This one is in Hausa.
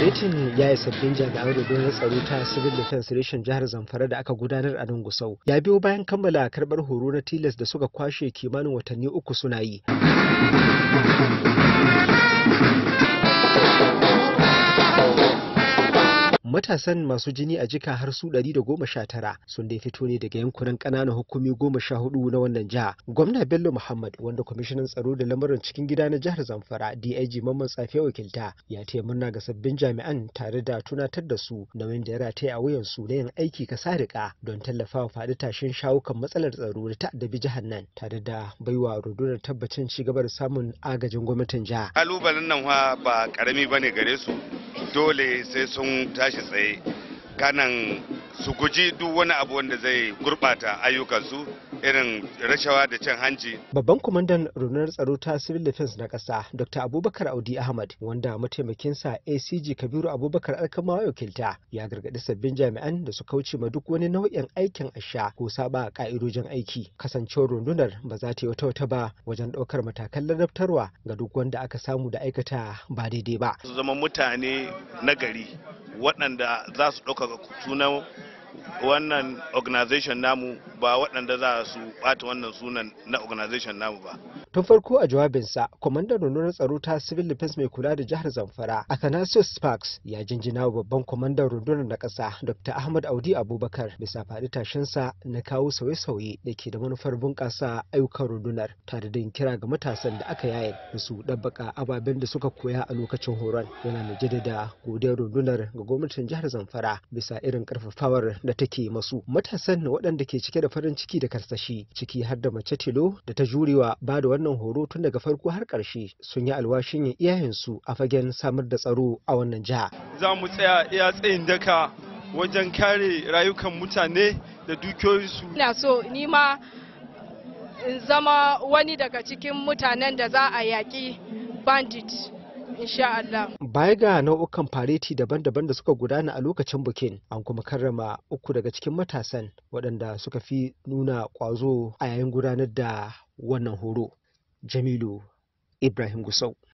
faretin ya yi sabbin jami'an rundunar tsaro ta civil defense reshen jihar zamfara da aka gudanar a nan ya biyo bayan kammala karbar horo na tilas da suka kwashe kimanin watanni uku suna yi Matasan masu jini a jika har su 119 sun dai fito ne daga yankunan ƙananan hukumi goma sha hudu na wannan jiha. Gwamna Bello Muhammad wanda kwamishinan tsaro da lamarin cikin gida na jihar Zamfara DIG Mamman Safiya wakilta ya taya murna ga sabbin jami'an tare da tunatar da su nauyin da ya rataya a wuyan su na yin aiki ka riƙa don tallafawa faɗi tashin shawukan matsalar tsaro da ta'addabi jihar nan tare da baiwa rundunar tabbacin ci gaba da samun agajin gwamnatin jiha. Kalubalen nan ba karami bane gare su dole sai sun tashi tsaye kanan su guji duk wani abu wanda zai gurɓata ayyukansu irin rashawa da cin hanci. Babban kwamandan rundunar tsaro ta civil defense na ƙasa Dr. Abubakar Audi Ahmad wanda mataimakinsa ACG Kabiru Abubakar Alkama wakilta ya gargaɗi sabbin jami'an da su kauce ma duk wani nau'in aikin asha ko saba ka'idojin aiki. Kasancewar rundunar ba za ta yi wata wata ba wajen ɗaukar matakan ladabtarwa ga duk wanda aka samu da aikata ba daidai ba. Su zama mutane na gari waɗanda za su ɗaukaka sunan wannan organization namu ba waɗanda za su ɓata wannan sunan na organization namu ba. Tun farko a jawabinsa, kwamandan rundunar tsaro ta civil defense mai kula da jihar Zamfara, Athanasius Sparks ya jinjina wa babban kwamandan rundunar na ƙasa Dr. Ahmad Audi Abubakar bisa faɗi tashinsa na kawo sauye-sauye da ke da manufar bunƙasa ayyukan rundunar tare da yin kira ga matasan da aka yaye da su ɗabbaka ababen da suka koya a lokacin horon yana mai jaddada godiyar rundunar ga gwamnatin jihar Zamfara bisa irin ƙarfafawar da take masu matasan waɗanda ke cike da farin ciki da karsashi ciki har da mace tilo da ta jurewa ba da wannan horo tun daga farko har karshe sun yi alwashin yin iyayensu a fagen samar da tsaro a wannan jiha. Za mu tsaya iya tsayin daka wajen kare rayukan mutane da dukiyoyinsu. Ina so ni ma in zama wani daga cikin mutanen da za a yaƙi bandit. insha Allah. Baya ga nau'ukan fareti daban-daban da suka gudana a lokacin bikin, an kuma karrama uku daga cikin matasan waɗanda suka fi nuna ƙwazo a yayin gudanar da wannan horo. Jamilu Ibrahim Gusau.